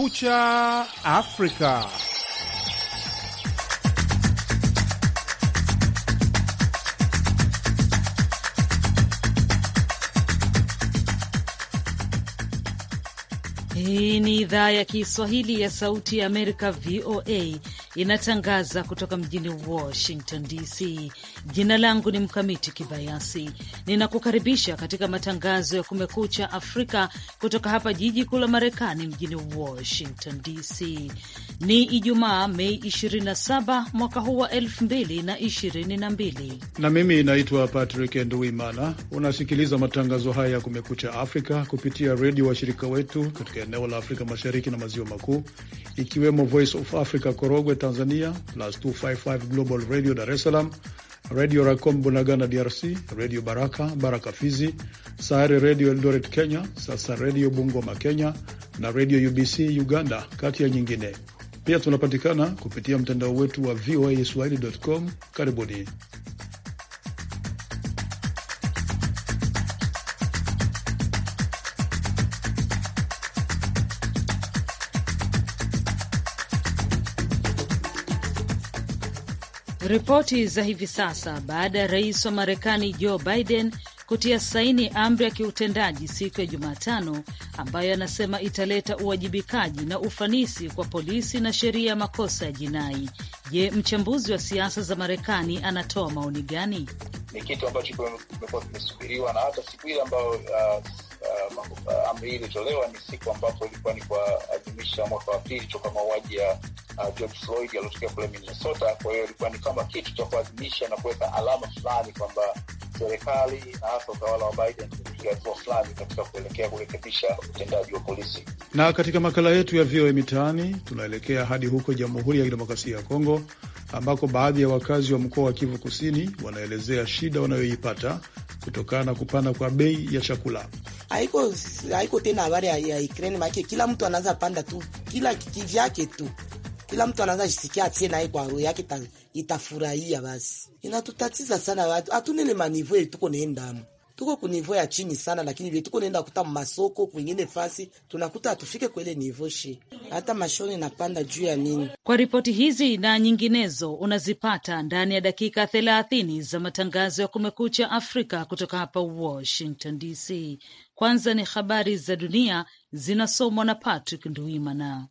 Kumekucha Afrika. Hii ni idhaa ya Kiswahili ya Sauti ya Amerika, VOA, inatangaza kutoka mjini Washington DC. Jina langu ni Mkamiti Kibayasi, ninakukaribisha katika matangazo ya Kumekucha Afrika kutoka hapa jiji kuu la Marekani, mjini Washington DC. Ni Ijumaa, Mei 27 mwaka huu wa 2022, na mimi naitwa Patrick Nduimana. Unasikiliza matangazo haya ya Kumekucha Afrika kupitia redio washirika wetu katika eneo la Afrika Mashariki na Maziwa Makuu, ikiwemo Voice of Africa Korogwe Tanzania, Plus 255 Global Radio Dar es Salaam, Redio Racom Bunagana DRC, Redio Baraka Baraka Fizi, Sare Redio Eldoret Kenya, sasa Redio Bungoma Kenya na Redio UBC Uganda, kati ya nyingine. Pia tunapatikana kupitia mtandao wetu wa VOA Swahili.com. Karibuni. Ripoti za hivi sasa baada ya rais wa Marekani Joe Biden kutia saini amri ya kiutendaji siku ya Jumatano ambayo anasema italeta uwajibikaji na ufanisi kwa polisi na sheria ya makosa ya jinai. Je, mchambuzi wa siasa za Marekani anatoa maoni gani? Ni kitu ambacho kimekuwa kimesubiriwa na hata siku ile ambayo uh, uh, uh, amri hii ilitolewa ni siku ambapo ilikuwa ni kuadhimisha mwaka wa pili toka mauaji ya uh, George Floyd aliotokea kule Minnesota. Kwa hiyo ilikuwa ni kama kitu cha kuadhimisha na kuweka alama fulani kwamba serikali na hasa utawala wa Biden umepiga hatua fulani katika kuelekea kurekebisha utendaji wa polisi. Na katika makala yetu ya VOA Mitaani tunaelekea hadi huko Jamhuri ya Kidemokrasia ya Kongo ambako baadhi ya wakazi wa mkoa wa Kivu Kusini wanaelezea shida wanayoipata kutokana na kupanda kwa bei ya chakula. Haiko haiko tena habari ya Ukraine, maana kila mtu anaanza panda tu kila kivyake tu kila mtu anaanza jisikia atie naye kwa roho yake itafurahia. Basi inatutatiza sana watu, hatuna ile manivo yetu tuko naendamo tuko ku nivo ya chini sana, lakini vile tuko naenda kuta masoko kwingine fasi tunakuta hatufike kwa ile nivo shi, hata mashoni napanda juu ya nini. Kwa ripoti hizi na nyinginezo unazipata ndani ya dakika thelathini za matangazo ya Kumekucha Afrika kutoka hapa Washington DC. Kwanza ni habari za dunia zinasomwa na Patrick Nduimana.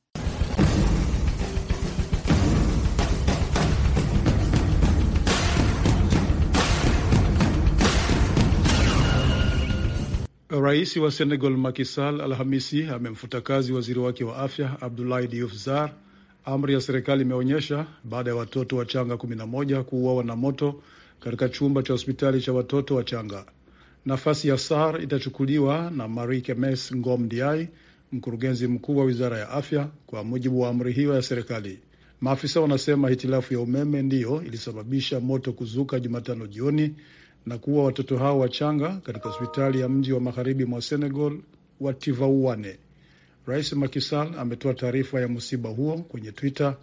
Rais wa Senegal Macky Sall Alhamisi amemfuta kazi waziri wake wa afya Abdoulaye Diouf Sarr, amri ya serikali imeonyesha baada ya watoto wachanga 11 kuuawa na moto katika chumba cha hospitali cha watoto wachanga. Nafasi ya Sarr itachukuliwa na Marie Kemes Ngom Diai, mkurugenzi mkuu wa wizara ya afya, kwa mujibu wa amri hiyo ya serikali. Maafisa wanasema hitilafu ya umeme ndiyo ilisababisha moto kuzuka Jumatano jioni na kuwa watoto hao wachanga katika hospitali ya mji wa magharibi mwa Senegal wa Rais Makisal ametoa taarifa ya msiba huo kwenye Twitter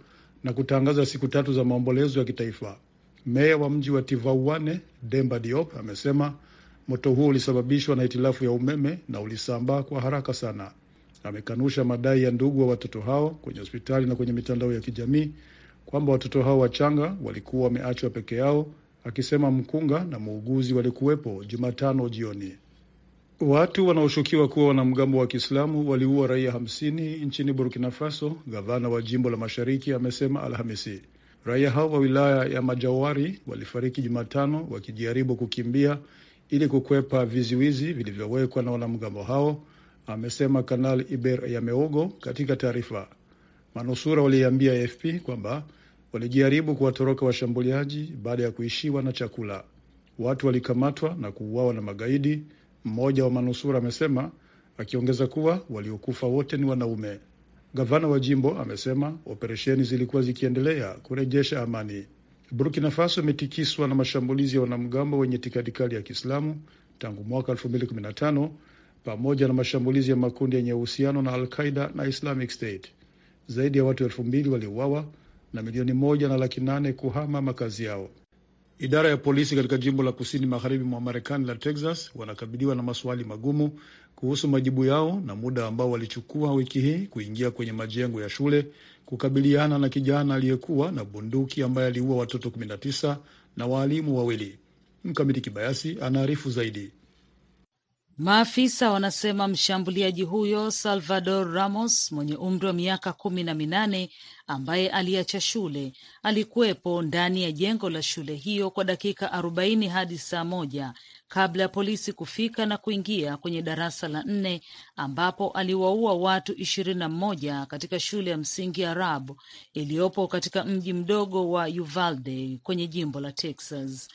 na kutangaza siku tatu za maombolezo ya kitaifa. Meya wa mji wa Tivauane, Demba Diop, amesema moto huo ulisababishwa na hitilafu ya umeme na ulisambaa kwa haraka sana. Amekanusha madai ya ndugu wa watoto hao kwenye hospitali na kwenye mitandao ya kijamii kwamba watoto hao wachanga walikuwa wameachwa peke yao akisema mkunga na muuguzi walikuwepo Jumatano jioni. Watu wanaoshukiwa kuwa wanamgambo wa Kiislamu waliua raia hamsini nchini Burkina Faso, gavana wa jimbo la mashariki amesema Alhamisi. Raia hao wa wilaya ya Majawari walifariki Jumatano wakijaribu kukimbia ili kukwepa viziwizi vilivyowekwa na wanamgambo hao, amesema Kanali Iber Yameogo katika taarifa. Manusura waliambia AFP kwamba walijaribu kuwatoroka washambuliaji baada ya kuishiwa na chakula. Watu walikamatwa na kuuawa na magaidi, mmoja wa manusura amesema, akiongeza kuwa waliokufa wote ni wanaume. Gavana wa jimbo amesema operesheni zilikuwa zikiendelea kurejesha amani. Burkina Faso imetikiswa na mashambulizi ya wanamgambo wenye itikadi kali ya Kiislamu tangu mwaka 2015 pamoja na mashambulizi ya makundi yenye uhusiano na Al Qaida na Islamic State. Zaidi ya watu elfu mbili waliuawa na milioni moja na laki nane kuhama makazi yao. Idara ya polisi katika jimbo la kusini magharibi mwa Marekani la Texas wanakabiliwa na maswali magumu kuhusu majibu yao na muda ambao walichukua wiki hii kuingia kwenye majengo ya shule kukabiliana na kijana aliyekuwa na bunduki ambaye aliua watoto 19 na waalimu wawili. Mkamiti Kibayasi anaarifu zaidi. Maafisa wanasema mshambuliaji huyo Salvador Ramos mwenye umri wa miaka kumi na minane ambaye aliacha shule alikuwepo ndani ya jengo la shule hiyo kwa dakika arobaini hadi saa moja kabla ya polisi kufika na kuingia kwenye darasa la nne ambapo aliwaua watu ishirini na mmoja katika shule ya msingi ya Rab iliyopo katika mji mdogo wa Uvalde kwenye jimbo la Texas.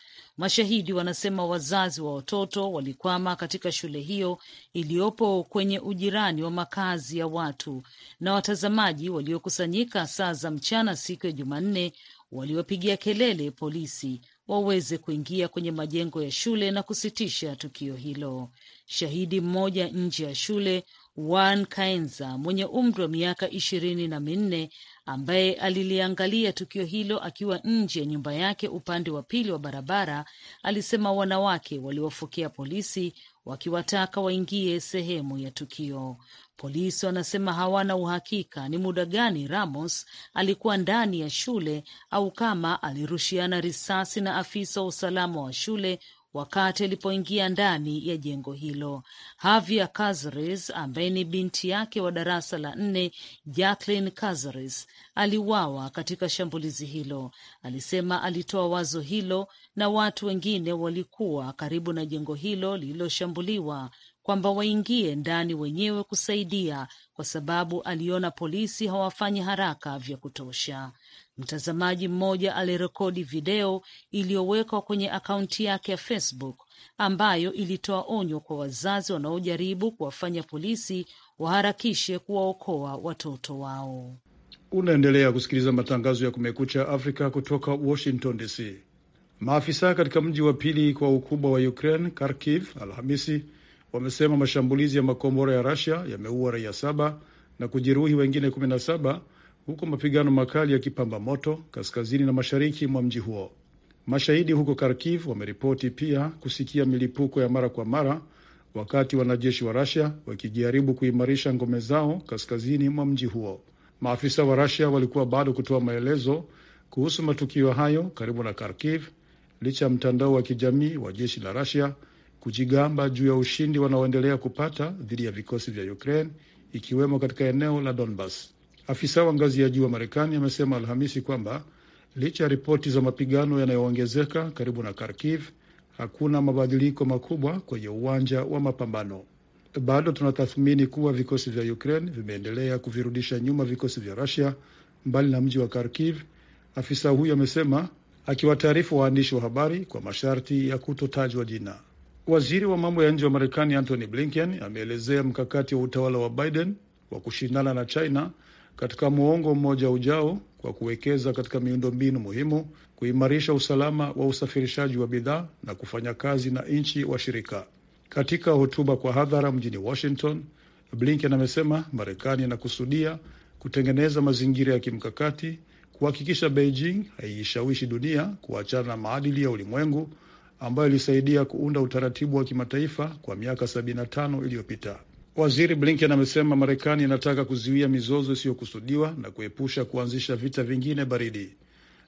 Mashahidi wanasema wazazi wa watoto walikwama katika shule hiyo iliyopo kwenye ujirani wa makazi ya watu, na watazamaji waliokusanyika saa za mchana siku ya Jumanne waliwapigia kelele polisi waweze kuingia kwenye majengo ya shule na kusitisha tukio hilo. Shahidi mmoja nje ya shule Wan Kaenza mwenye umri wa miaka ishirini na minne ambaye aliliangalia tukio hilo akiwa nje ya nyumba yake upande wa pili wa barabara, alisema wanawake waliwafokea polisi wakiwataka waingie sehemu ya tukio. Polisi wanasema hawana uhakika ni muda gani Ramos alikuwa ndani ya shule au kama alirushiana risasi na afisa wa usalama wa shule wakati alipoingia ndani ya jengo hilo. Javier Cazares ambaye ni binti yake wa darasa la nne Jacqueline Cazares aliuawa katika shambulizi hilo. Alisema alitoa wazo hilo na watu wengine walikuwa karibu na jengo hilo lililoshambuliwa kwamba waingie ndani wenyewe kusaidia, kwa sababu aliona polisi hawafanyi haraka vya kutosha. Mtazamaji mmoja alirekodi video iliyowekwa kwenye akaunti yake ya Facebook ambayo ilitoa onyo kwa wazazi wanaojaribu kuwafanya polisi waharakishe kuwaokoa watoto wao. Unaendelea kusikiliza matangazo ya Kumekucha Afrika kutoka Washington DC. Maafisa katika mji wa pili kwa ukubwa wa Ukraine, Kharkiv, Alhamisi wamesema mashambulizi ya makombora ya rasia yameua raia saba na kujeruhi wengine kumi na saba huku mapigano makali yakipamba moto kaskazini na mashariki mwa mji huo. Mashahidi huko Kharkiv wameripoti pia kusikia milipuko ya mara kwa mara wakati wanajeshi wa Russia wakijaribu kuimarisha ngome zao kaskazini mwa mji huo. Maafisa wa Russia walikuwa bado kutoa maelezo kuhusu matukio hayo karibu na Kharkiv licha ya mtandao wa kijamii wa jeshi la Russia kujigamba juu ya ushindi wanaoendelea kupata dhidi ya vikosi vya Ukraine ikiwemo katika eneo la Donbas. Afisa wa ngazi ya juu wa Marekani amesema Alhamisi kwamba licha ya ripoti za mapigano yanayoongezeka karibu na Kharkiv, hakuna mabadiliko makubwa kwenye uwanja wa mapambano. Bado tunatathmini kuwa vikosi vya Ukraine vimeendelea kuvirudisha nyuma vikosi vya Rusia mbali na mji wa Kharkiv, afisa huyo amesema, akiwataarifu waandishi wa habari kwa masharti ya kutotajwa jina. Waziri wa mambo ya nje wa Marekani Antony Blinken ameelezea mkakati wa utawala wa Biden wa kushindana na China katika muongo mmoja ujao kwa kuwekeza katika miundombinu muhimu, kuimarisha usalama wa usafirishaji wa bidhaa na kufanya kazi na nchi washirika. Katika hotuba kwa hadhara mjini Washington, Blinken amesema Marekani inakusudia kutengeneza mazingira ya kimkakati kuhakikisha Beijing haiishawishi dunia kuachana na maadili ya ulimwengu ambayo ilisaidia kuunda utaratibu wa kimataifa kwa miaka 75 iliyopita. Waziri Blinken amesema Marekani inataka kuzuia mizozo isiyokusudiwa na kuepusha kuanzisha vita vingine baridi,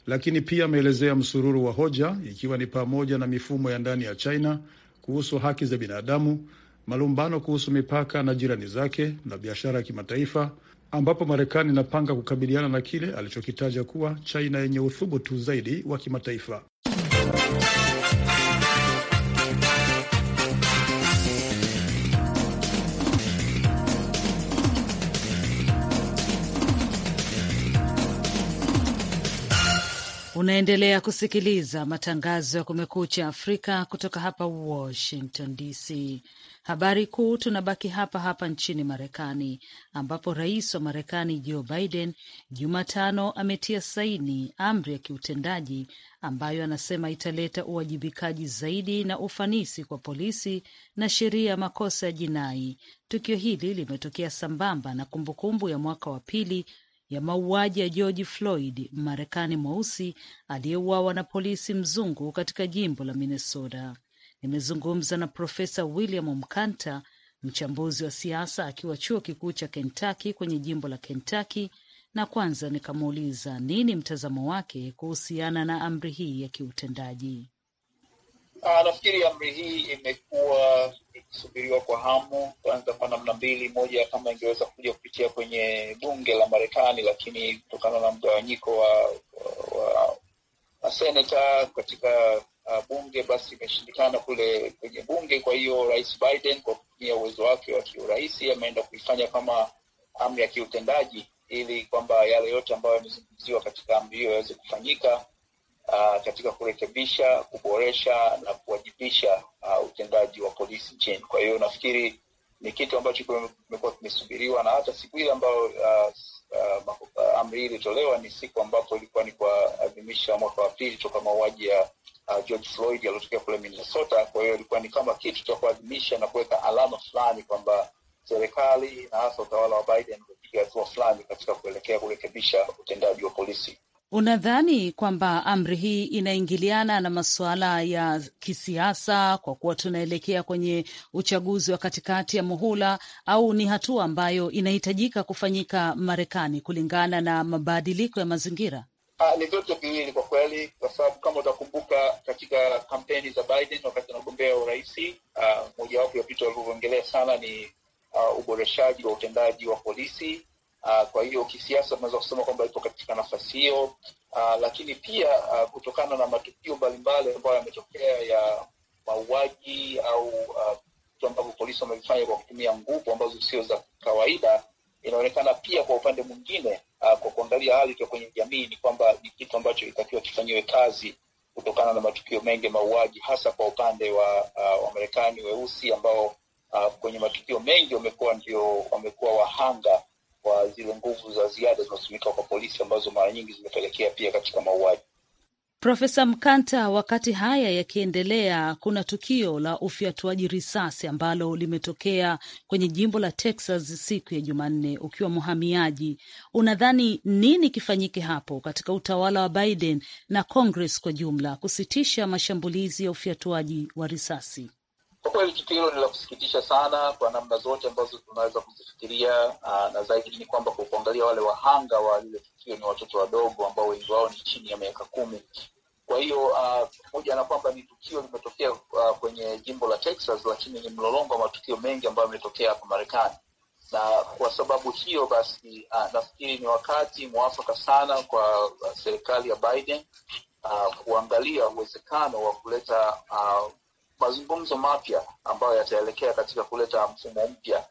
lakini pia ameelezea msururu wa hoja, ikiwa ni pamoja na mifumo ya ndani ya China kuhusu haki za binadamu, malumbano kuhusu mipaka na jirani zake, na biashara ya kimataifa, ambapo Marekani inapanga kukabiliana na kile alichokitaja kuwa China yenye uthubutu zaidi wa kimataifa. Unaendelea kusikiliza matangazo ya Kumekucha Afrika kutoka hapa Washington DC. Habari kuu, tunabaki hapa hapa nchini Marekani, ambapo rais wa Marekani Joe Biden Jumatano ametia saini amri ya kiutendaji ambayo anasema italeta uwajibikaji zaidi na ufanisi kwa polisi na sheria ya makosa ya jinai. Tukio hili limetokea sambamba na kumbukumbu ya mwaka wa pili ya mauaji ya George Floyd, Mmarekani mweusi aliyeuawa na polisi mzungu katika jimbo la Minnesota. Nimezungumza na Profesa William Mkanta, mchambuzi wa siasa akiwa chuo kikuu cha Kentucky kwenye jimbo la Kentucky, na kwanza nikamuuliza nini mtazamo wake kuhusiana na amri hii ya kiutendaji. Uh, nafikiri amri hii imekuwa ikisubiriwa kwa hamu kwanza, kwa namna mbili. Moja, kama ingeweza kuja kupitia kwenye bunge la Marekani, lakini kutokana na mgawanyiko wa, wa, wa seneta katika uh, bunge, basi imeshindikana kule kwenye bunge. Kwa hiyo Rais Biden kwa kutumia uwezo wake wa kiurahisi ameenda kuifanya kama amri ya kiutendaji, ili kwamba yale yote ambayo yamezungumziwa katika amri hiyo yaweze kufanyika uh, katika kurekebisha, kuboresha na kuwajibisha uh, utendaji wa polisi nchini. Kwa hiyo nafikiri ni kitu ambacho kimekuwa kimesubiriwa na hata siku ile ambayo uh, uh, amri hii ilitolewa ni siku ambapo ilikuwa ni kuadhimisha mwaka wa pili toka mauaji ya uh, George Floyd yaliotokea kule Minnesota. Kwa hiyo ilikuwa ni kama kitu cha kuadhimisha na kuweka alama fulani kwamba serikali na hasa utawala wa Biden umepiga hatua fulani katika kuelekea kurekebisha utendaji wa polisi. Unadhani kwamba amri hii inaingiliana na masuala ya kisiasa kwa kuwa tunaelekea kwenye uchaguzi wa katikati ya muhula, au ni hatua ambayo inahitajika kufanyika Marekani kulingana na mabadiliko ya mazingira? Ha, ah, ni vyote viwili kwa kweli, kwa sababu kama utakumbuka katika kampeni za Biden wakati anagombea urais, ah, mojawapo ya vitu alivyoongelea sana ni uh, uboreshaji wa utendaji wa polisi Uh, kwa hiyo kisiasa tunaweza kusema kwamba ipo katika nafasi hiyo, uh, lakini pia uh, kutokana na matukio mbalimbali ambayo yametokea ya mauaji au vitu uh, ambavyo polisi wamevifanya kwa kutumia nguvu ambazo sio za kawaida, inaonekana pia kwa upande mwingine uh, kwa kuangalia hali ikiwa kwenye jamii ni kwamba ni kitu ambacho itakiwa kifanyiwe kazi kutokana na matukio mengi mauaji, hasa kwa upande wa uh, Wamarekani weusi ambao uh, kwenye matukio mengi wamekuwa ndio wamekuwa wahanga kwa zile nguvu za ziada zinazotumika kwa polisi ambazo mara nyingi zimepelekea pia katika mauaji. Profesa Mkanta, wakati haya yakiendelea, kuna tukio la ufyatuaji risasi ambalo limetokea kwenye jimbo la Texas siku ya Jumanne. Ukiwa mhamiaji, unadhani nini kifanyike hapo katika utawala wa Biden na Congress kwa jumla kusitisha mashambulizi ya ufyatuaji wa risasi? Kwa kweli tukio hilo ni la kusikitisha sana kwa namna zote ambazo tunaweza kuzifikiria, ah, na zaidi ni kwamba kwa kuangalia wale wahanga wa lile tukio ni watoto wadogo ambao wengi wao ni chini ya miaka kumi. Kwa hiyo pamoja ah, uh, na kwamba ni tukio limetokea uh, kwenye jimbo la Texas, lakini ni mlolongo wa matukio mengi ambayo yametokea hapa Marekani, na kwa sababu hiyo basi uh, nafikiri ni wakati mwafaka sana kwa serikali ya Biden uh, kuangalia uwezekano wa kuleta uh, mazungumzo mapya ambayo yataelekea katika kuleta mfumo mpya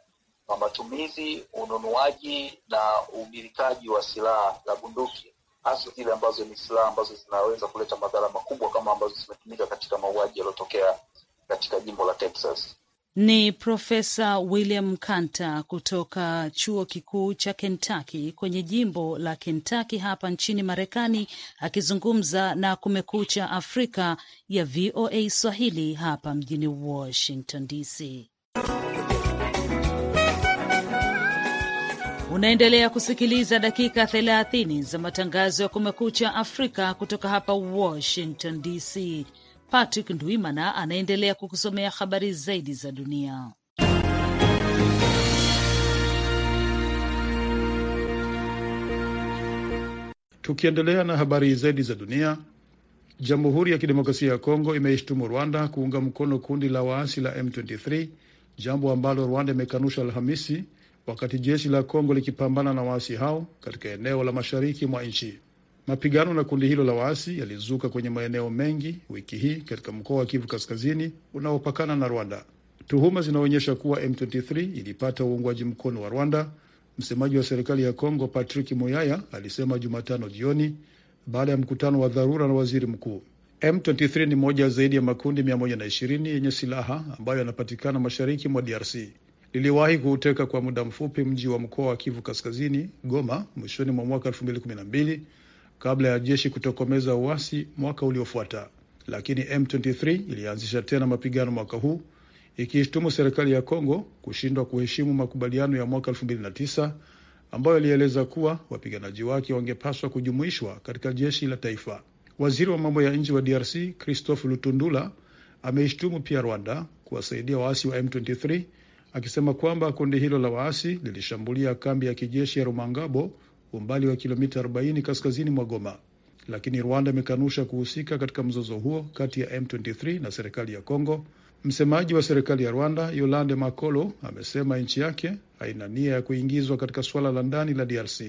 wa matumizi, ununuaji na umilikaji wa silaha za bunduki, hasa zile ambazo ni silaha ambazo zinaweza kuleta madhara makubwa kama ambazo zimetumika katika mauaji yaliyotokea katika jimbo la Texas. Ni Profesa William Kanta kutoka chuo kikuu cha Kentucky kwenye jimbo la Kentucky hapa nchini Marekani, akizungumza na Kumekucha Afrika ya VOA Swahili hapa mjini Washington DC. Unaendelea kusikiliza dakika 30 za matangazo ya Kumekucha Afrika kutoka hapa Washington DC. Patrick Ndwimana anaendelea kukusomea habari zaidi za dunia. Tukiendelea na habari zaidi za dunia, Jamhuri ya Kidemokrasia ya Kongo imeishtumu Rwanda kuunga mkono kundi la waasi la M23, jambo ambalo Rwanda imekanusha Alhamisi, wakati jeshi la Kongo likipambana na waasi hao katika eneo la mashariki mwa nchi. Mapigano na kundi hilo la waasi yalizuka kwenye maeneo mengi wiki hii katika mkoa wa Kivu Kaskazini unaopakana na Rwanda. Tuhuma zinaonyesha kuwa M23 ilipata uungwaji mkono wa Rwanda. Msemaji wa serikali ya Kongo Patrick Muyaya alisema Jumatano jioni baada ya mkutano wa dharura na waziri mkuu. M23 ni moja zaidi ya makundi 120 yenye silaha ambayo yanapatikana mashariki mwa DRC. Liliwahi kuuteka kwa muda mfupi mji wa mkoa wa Kivu Kaskazini, Goma, mwishoni mwa mwaka 2012 kabla ya jeshi kutokomeza uasi mwaka uliofuata, lakini M23 ilianzisha tena mapigano mwaka huu ikiishtumu serikali ya Kongo kushindwa kuheshimu makubaliano ya mwaka 2009 ambayo ilieleza kuwa wapiganaji wake wangepaswa kujumuishwa katika jeshi la taifa. Waziri wa mambo ya nje wa DRC Christophe Lutundula ameishtumu pia Rwanda kuwasaidia waasi wa M23 akisema kwamba kundi hilo la waasi lilishambulia kambi ya kijeshi ya Rumangabo umbali wa kilomita 40 kaskazini mwa Goma, lakini Rwanda imekanusha kuhusika katika mzozo huo kati ya M23 na serikali ya Kongo. Msemaji wa serikali ya Rwanda Yolande Makolo amesema nchi yake haina nia ya kuingizwa katika suala la ndani la DRC.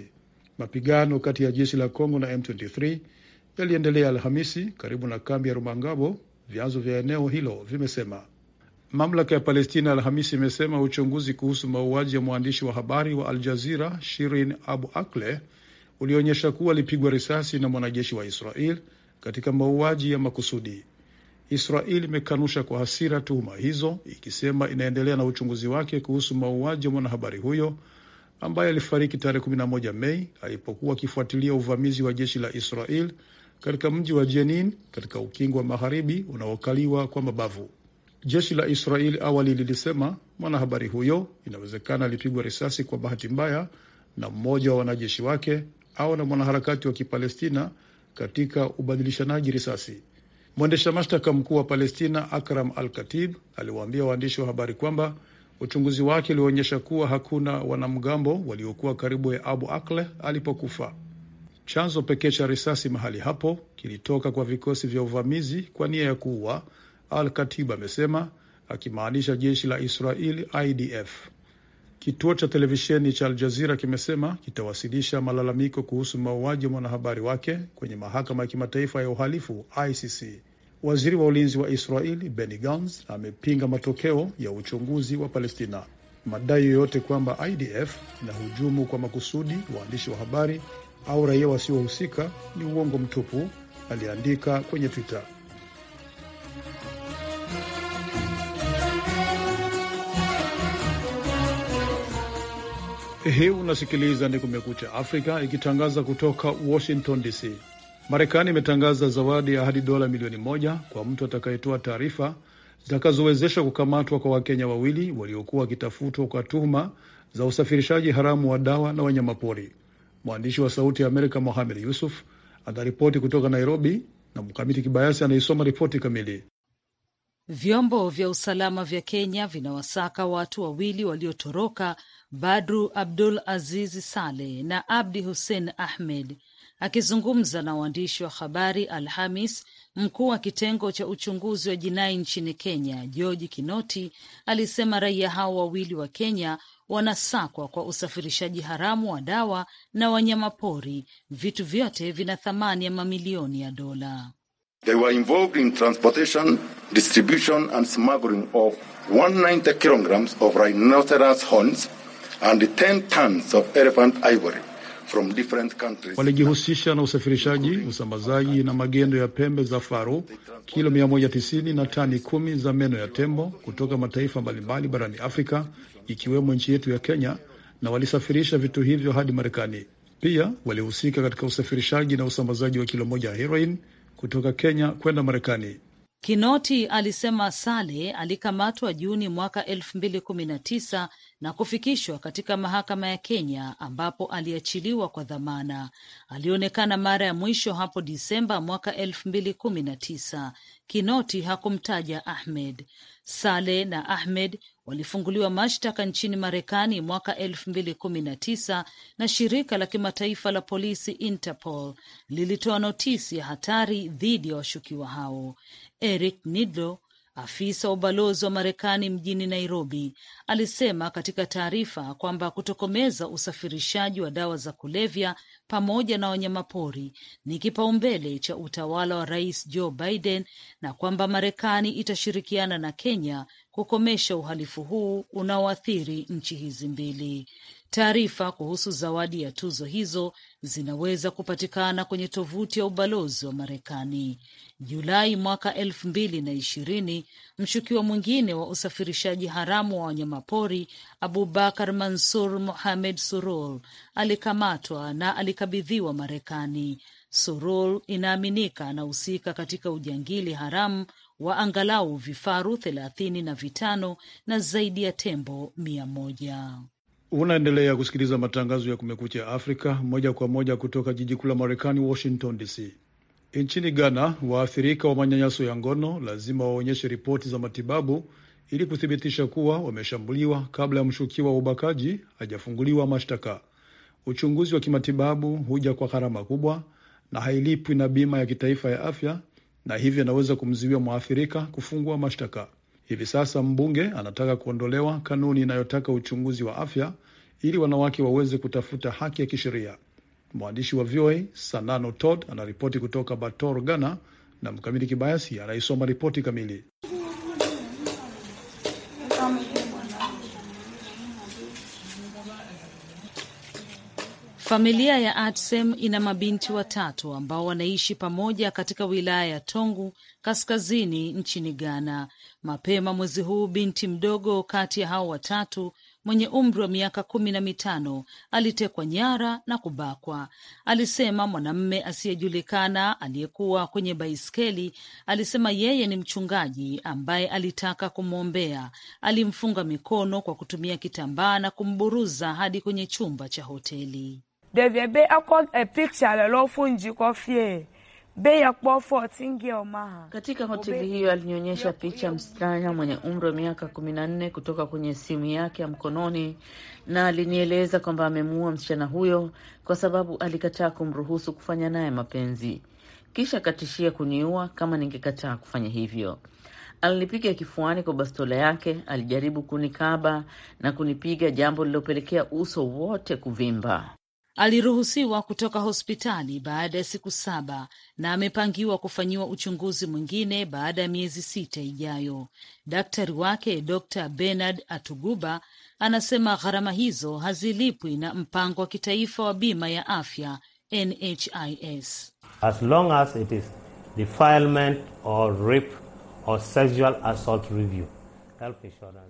Mapigano kati ya jeshi la Kongo na M23 yaliendelea Alhamisi karibu na kambi ya Rumangabo, vyanzo vya eneo hilo vimesema. Mamlaka ya Palestina Alhamisi imesema uchunguzi kuhusu mauaji ya mwandishi wa habari wa Al Jazira Shirin Abu akle ulionyesha kuwa alipigwa risasi na mwanajeshi wa Israel katika mauaji ya makusudi. Israel imekanusha kwa hasira tuhuma hizo, ikisema inaendelea na uchunguzi wake kuhusu mauaji ya mwanahabari huyo ambaye alifariki tarehe 11 Mei alipokuwa akifuatilia uvamizi wa jeshi la Israel katika mji wa Jenin katika ukingo wa magharibi unaokaliwa kwa mabavu. Jeshi la Israeli awali lilisema mwanahabari huyo inawezekana alipigwa risasi kwa bahati mbaya na mmoja wa wanajeshi wake au na mwanaharakati wa Kipalestina katika ubadilishanaji risasi. Mwendesha mashtaka mkuu wa Palestina Akram Al-Katib aliwaambia waandishi wa habari kwamba uchunguzi wake ulionyesha kuwa hakuna wanamgambo waliokuwa karibu ya Abu Akleh alipokufa. Chanzo pekee cha risasi mahali hapo kilitoka kwa vikosi vya uvamizi kwa nia ya kuua Al Katib amesema akimaanisha jeshi la Israeli IDF. Kituo cha televisheni cha Al kimesema kitawasilisha malalamiko kuhusu mauaji ya mwanahabari wake kwenye mahakama ya kimataifa ya uhalifu ICC. Waziri wa ulinzi wa Israeli Benny Gantz amepinga matokeo ya uchunguzi wa Palestina. Madai yoyote kwamba IDF inahujumu kwa makusudi waandishi wa habari au raia wasiohusika ni uongo mtupu, aliandika kwenye Twitter. Hii unasikiliza ni Kumekucha Afrika ikitangaza kutoka Washington DC. Marekani imetangaza zawadi ya hadi dola milioni moja kwa mtu atakayetoa taarifa zitakazowezesha kukamatwa kwa Wakenya wawili waliokuwa wakitafutwa kwa tuhuma za usafirishaji haramu wa dawa na wanyamapori. Mwandishi wa Sauti ya Amerika Mohamed Yusuf anaripoti kutoka Nairobi na Mkamiti Kibayasi anaisoma ripoti kamili. Vyombo vya usalama vya Kenya vinawasaka watu wawili waliotoroka Badru Abdul Aziz Saleh na Abdi Hussein Ahmed. Akizungumza na waandishi wa habari Alhamis, mkuu wa kitengo cha uchunguzi wa jinai nchini Kenya George Kinoti alisema raia hao wawili wa Kenya wanasakwa kwa usafirishaji haramu wa dawa na wanyama pori, vitu vyote vina thamani ya mamilioni ya dola. They were involved in transportation, distribution and smuggling of 190 kilograms of rhinoceros horns and 10 tons of elephant ivory from different countries. Walijihusisha na usafirishaji, usambazaji na magendo ya pembe za faru, kilo 190 na tani kumi za meno ya tembo kutoka mataifa mbalimbali barani Afrika ikiwemo nchi yetu ya Kenya, na walisafirisha vitu hivyo hadi Marekani. Pia walihusika katika usafirishaji na usambazaji wa kilo moja ya heroin kutoka Kenya kwenda Marekani. Kinoti alisema Sale alikamatwa Juni mwaka 2019 na kufikishwa katika mahakama ya Kenya ambapo aliachiliwa kwa dhamana. Alionekana mara ya mwisho hapo Disemba mwaka elfu mbili kumi na tisa. Kinoti hakumtaja Ahmed. Saleh na Ahmed walifunguliwa mashtaka nchini Marekani mwaka elfu mbili kumi na tisa na shirika la kimataifa la polisi Interpol lilitoa notisi ya hatari dhidi ya washukiwa hao. Eric Nidlow Afisa wa ubalozi wa Marekani mjini Nairobi alisema katika taarifa kwamba kutokomeza usafirishaji wa dawa za kulevya pamoja na wanyamapori ni kipaumbele cha utawala wa Rais Joe Biden na kwamba Marekani itashirikiana na Kenya kukomesha uhalifu huu unaoathiri nchi hizi mbili. Taarifa kuhusu zawadi ya tuzo hizo zinaweza kupatikana kwenye tovuti ya ubalozi wa Marekani. Julai mwaka elfu mbili na ishirini, mshukiwa mwingine wa usafirishaji haramu wa wanyamapori Abubakar Mansur Mohamed Surul alikamatwa na alikabidhiwa Marekani. Surul inaaminika anahusika katika ujangili haramu wa angalau vifaru thelathini na vitano na zaidi ya tembo mia moja. Unaendelea kusikiliza matangazo ya Kumekucha Afrika moja kwa moja kutoka jiji kuu la Marekani, Washington DC. Nchini Ghana, waathirika wa manyanyaso ya ngono lazima waonyeshe ripoti za matibabu ili kuthibitisha kuwa wameshambuliwa kabla ya mshukiwa wa ubakaji hajafunguliwa mashtaka. Uchunguzi wa kimatibabu huja kwa gharama kubwa na hailipwi na bima ya kitaifa ya afya, na hivyo inaweza kumziwia mwathirika kufungua mashtaka. Hivi sasa mbunge anataka kuondolewa kanuni inayotaka uchunguzi wa afya ili wanawake waweze kutafuta haki ya kisheria. Mwandishi wa VOA Sanano Todd anaripoti kutoka Bator, Ghana, na Mkamili Kibayasi anaisoma ripoti kamili. Familia ya Atsem ina mabinti watatu ambao wanaishi pamoja katika wilaya ya Tongu kaskazini nchini Ghana. Mapema mwezi huu, binti mdogo kati ya hao watatu mwenye umri wa miaka kumi na mitano alitekwa nyara na kubakwa, alisema mwanamme asiyejulikana aliyekuwa kwenye baiskeli. Alisema yeye ni mchungaji ambaye alitaka kumwombea. Alimfunga mikono kwa kutumia kitambaa na kumburuza hadi kwenye chumba cha hoteli. Ɖevie be ekɔ e eh, picture le lɔfu nji kɔ fie be ya kuwa 14 maha. Katika hoteli hiyo alinionyesha picha msichana mwenye umri wa miaka kumi na nne kutoka kwenye simu yake ya mkononi, na alinieleza kwamba amemuua msichana huyo kwa sababu alikataa kumruhusu kufanya naye mapenzi, kisha akatishia kuniua kama ningekataa kufanya hivyo. Alinipiga kifuani kwa bastola yake, alijaribu kunikaba na kunipiga, jambo lililopelekea uso wote kuvimba. Aliruhusiwa kutoka hospitali baada ya siku saba na amepangiwa kufanyiwa uchunguzi mwingine baada ya miezi sita ijayo. Daktari wake Dr Bernard Atuguba anasema gharama hizo hazilipwi na mpango wa kitaifa wa bima ya afya NHIS. As long as it is defilement or rape or sexual assault review.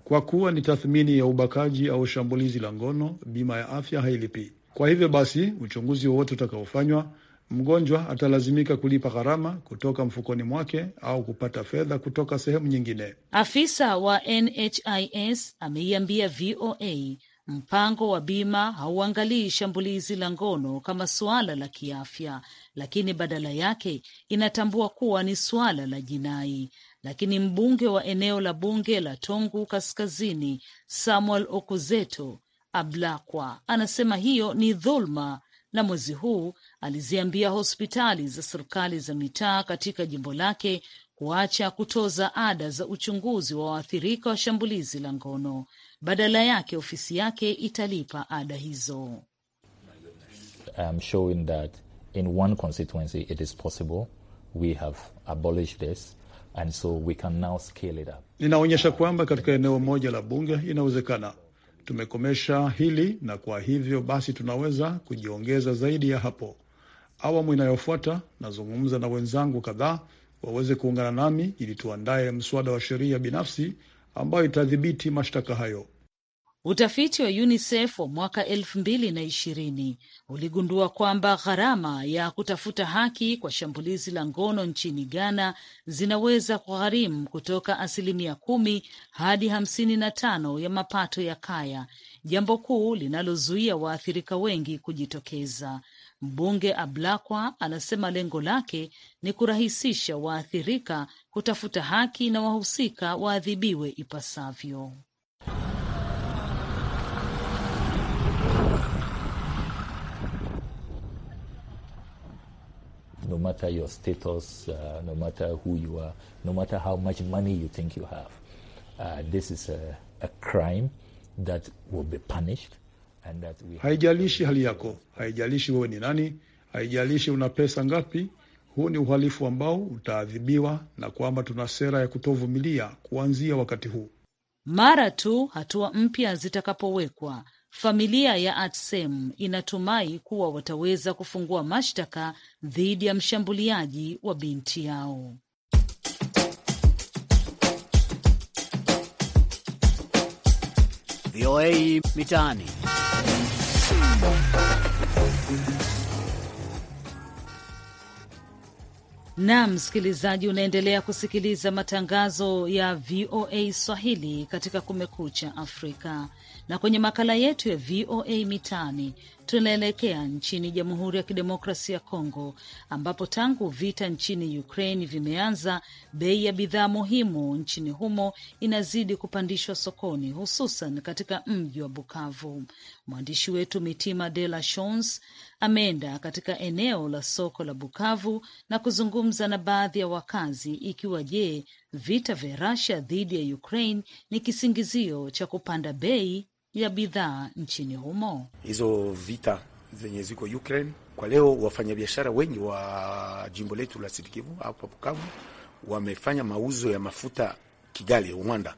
Kwa kuwa ni tathmini ya ubakaji au shambulizi la ngono, bima ya afya hailipi. Kwa hivyo basi, uchunguzi wowote utakaofanywa, mgonjwa atalazimika kulipa gharama kutoka mfukoni mwake au kupata fedha kutoka sehemu nyingine. Afisa wa NHIS ameiambia VOA mpango wa bima hauangalii shambulizi la ngono kama suala la kiafya, lakini badala yake inatambua kuwa ni suala la jinai. Lakini mbunge wa eneo la bunge la Tongu Kaskazini, Samuel Okuzeto, Ablakwa anasema hiyo ni dhuluma, na mwezi huu aliziambia hospitali za serikali za mitaa katika jimbo lake kuacha kutoza ada za uchunguzi wa waathirika wa shambulizi la ngono. Badala yake ofisi yake italipa ada hizo. Ninaonyesha kwamba katika eneo moja la bunge inawezekana Tumekomesha hili na kwa hivyo basi tunaweza kujiongeza zaidi ya hapo. Awamu inayofuata nazungumza na wenzangu kadhaa waweze kuungana nami ili tuandaye mswada wa sheria binafsi ambayo itadhibiti mashtaka hayo. Utafiti wa UNICEF wa mwaka elfu mbili na ishirini uligundua kwamba gharama ya kutafuta haki kwa shambulizi la ngono nchini Ghana zinaweza kugharimu kutoka asilimia kumi hadi hamsini na tano ya mapato ya kaya, jambo kuu linalozuia waathirika wengi kujitokeza. Mbunge Ablakwa anasema lengo lake ni kurahisisha waathirika kutafuta haki na wahusika waadhibiwe ipasavyo. no matter your status, uh, no matter who you are, no matter how much money you think you have. Uh, this is a, a crime that will be punished and that we... Haijalishi hali yako, haijalishi wewe ni nani, haijalishi una pesa ngapi. Huu ni uhalifu ambao utaadhibiwa na kwamba tuna sera ya kutovumilia kuanzia wakati huu. Mara tu hatua mpya zitakapowekwa, Familia ya Atsem inatumai kuwa wataweza kufungua mashtaka dhidi ya mshambuliaji wa binti yao. VOA Mitaani. na msikilizaji, unaendelea kusikiliza matangazo ya VOA Swahili katika Kumekucha Afrika, na kwenye makala yetu ya VOA Mitaani Tunaelekea nchini Jamhuri ya Kidemokrasi ya Kongo ambapo tangu vita nchini Ukraine vimeanza, bei ya bidhaa muhimu nchini humo inazidi kupandishwa sokoni, hususan katika mji wa Bukavu. Mwandishi wetu Mitima De La Shons ameenda katika eneo la soko la Bukavu na kuzungumza na baadhi ya wakazi, ikiwa je, vita vya Russia dhidi ya Ukraine ni kisingizio cha kupanda bei ya bidhaa nchini humo. Hizo vita zenye ziko Ukraine kwa leo, wafanyabiashara wengi wa jimbo letu la Sud-Kivu hapa Bukavu wamefanya mauzo ya mafuta Kigali, Rwanda,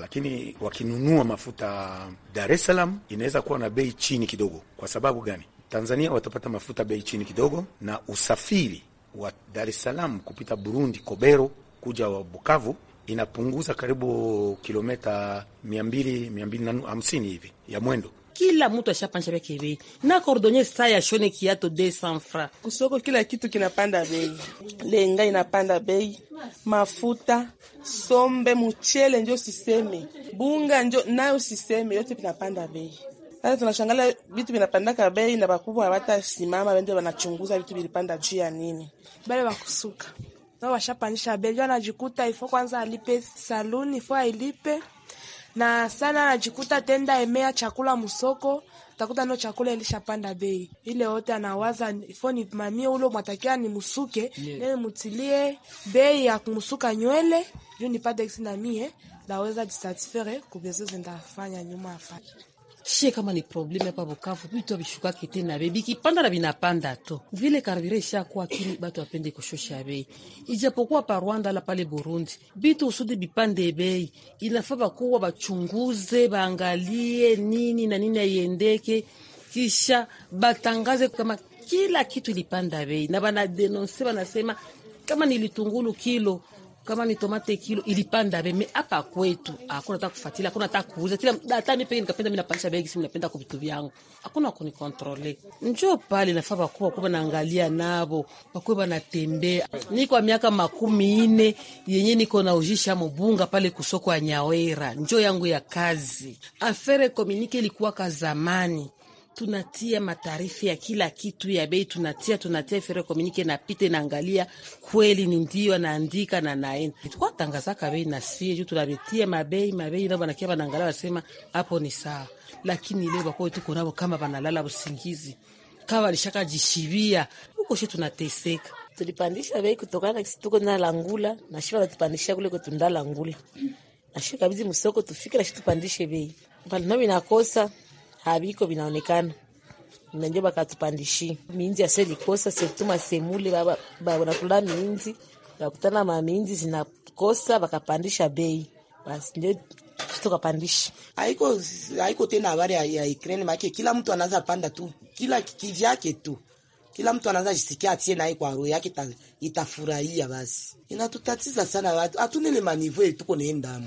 lakini wakinunua mafuta Dar es Salaam inaweza kuwa na bei chini kidogo. Kwa sababu gani? Tanzania watapata mafuta bei chini kidogo, na usafiri wa Dar es Salaam kupita Burundi, Kobero kuja wa Bukavu inapunguza karibu kilomita mia mbili mia mbili na hamsini hivi ya mwendo kila mtu ashapanisha vyake bei na kordonye saa ya shone kiato 200 francs kusoko. Kila kitu kinapanda bei, lenga inapanda bei, mafuta, sombe, mchele njo siseme, bunga njo nayo siseme, yote vinapanda bei. Sasa tunashangala vitu vinapandaka bei na bakubwa hawata simama, wende wanachunguza vitu vilipanda juu ya nini, bale wakusuka nao washapanisha belio, anajikuta ifo kwanza alipe saluni, ifo ailipe na sana, anajikuta tenda emea chakula musoko, takuta no chakula ilishapanda bei ile yote, anawaza ifo ni mamie ulo mwatakia ni musuke nee, mutilie bei ya kumusuka nywele juu nipate isi na mie naweza jisatisfere kubeze zindafanya nyuma afanye shie kama ni probleme hapa Bukavu, vitu vishukaki tena bei vikipanda na vinapanda tu vile karibira ishakuwa kini batu wapende kushosha bei, ijapokuwa pa Rwanda la pale Burundi vitu usudi bipande bei, inafaa bakuwa bachunguze baangalie nini na nini aiendeke, kisha batangaze kama kila kitu ilipanda bei, na banadenonse banasema kama nilitungulu kilo kama ni tomate kilo ilipanda bei, hapa kwetu hakuna hata kufuatilia, hakuna hata kuuza tena. Hata mimi pekee nikapenda, mimi napandisha bei, simu napenda kwa vitu vyangu, hakuna kunikontrole. Njoo pale nafaa bakubwa kwa naangalia nabo bakubwa banatembea. Ni kwa miaka makumi ine yenye niko na ujisha mbunga pale kusoko ya Nyawera, njoo yangu ya kazi afere communique ilikuwa kazamani tunatia mataarifa ya kila kitu ya bei, tunatia tunatia fere komunike na pite na angalia kweli ni ndio naandika na naenda tukua tangazaka bei na sie juu tunabetia mabei mabei, na bana kia banaangalia wasema hapo ni sawa, lakini leo bako tuko nabo kama banalala usingizi kama walishaka jishibia huko, shi tunateseka tulipandisha bei kutokana na kituko na langula na shiba natupandisha kule kutunda langula na shika bizi msoko tufike na shi bei bali nami nakosa habiko binaonekana nanjo bakatupandishi minzi aselikosa selituma semule banakula minzi bakutana maminzi zinakosa bakapandisha bei basi ndio tukapandisha. Haiko haiko tena habari ya, ya Ukraine make kila mtu anaanza panda tu kila kivyake tu kila mtu anaanza jisikia atie naye kwa roho yake itafurahia. Basi inatutatiza sana watu, hatuna ile manivo yetu tuko neendamo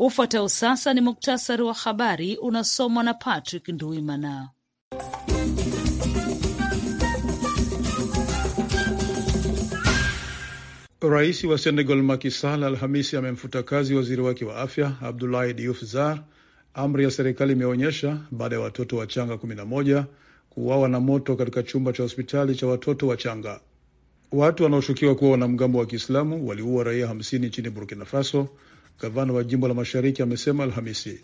Ufuatao sasa ni muktasari wa habari unasomwa na Patrick Nduimana. Rais wa Senegal Macky Sall Alhamisi amemfuta kazi waziri wake wa afya Abdoulaye Diouf Sarr, amri ya serikali imeonyesha baada ya watoto wachanga 11 kuuawa na moto katika chumba cha hospitali cha watoto wachanga. Watu wanaoshukiwa kuwa wanamgambo wa Kiislamu waliua raia 50 nchini Burkina Faso gavana wa jimbo la mashariki amesema Alhamisi.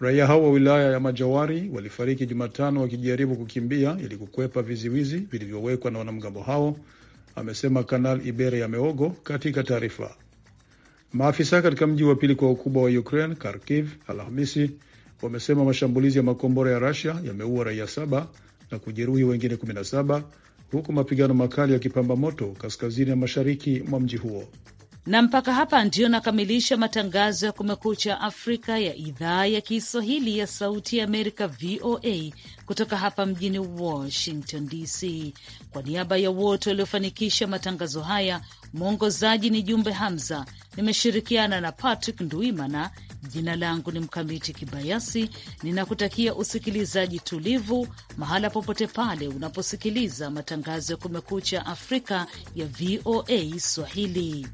Raia hao wa wilaya ya Majawari walifariki Jumatano wakijaribu kukimbia ili kukwepa viziwizi vilivyowekwa na wanamgambo hao, amesema Kanal Ibere ya Meogo katika taarifa. Maafisa katika mji wa pili kwa ukubwa wa Ukraine, Kharkiv, Alhamisi wamesema mashambulizi ya makombora ya rasia yameua raia saba na kujeruhi wengine 17 huku mapigano makali yakipamba moto kaskazini ya mashariki mwa mji huo na mpaka hapa ndiyo nakamilisha matangazo ya Kumekucha Afrika ya idhaa ya Kiswahili ya Sauti ya Amerika, VOA, kutoka hapa mjini Washington DC. Kwa niaba ya wote waliofanikisha matangazo haya, mwongozaji ni Jumbe Hamza, nimeshirikiana na Patrick Nduimana. Jina langu ni Mkamiti Kibayasi, ninakutakia usikilizaji tulivu mahala popote pale unaposikiliza matangazo ya Kumekucha Afrika ya VOA Swahili.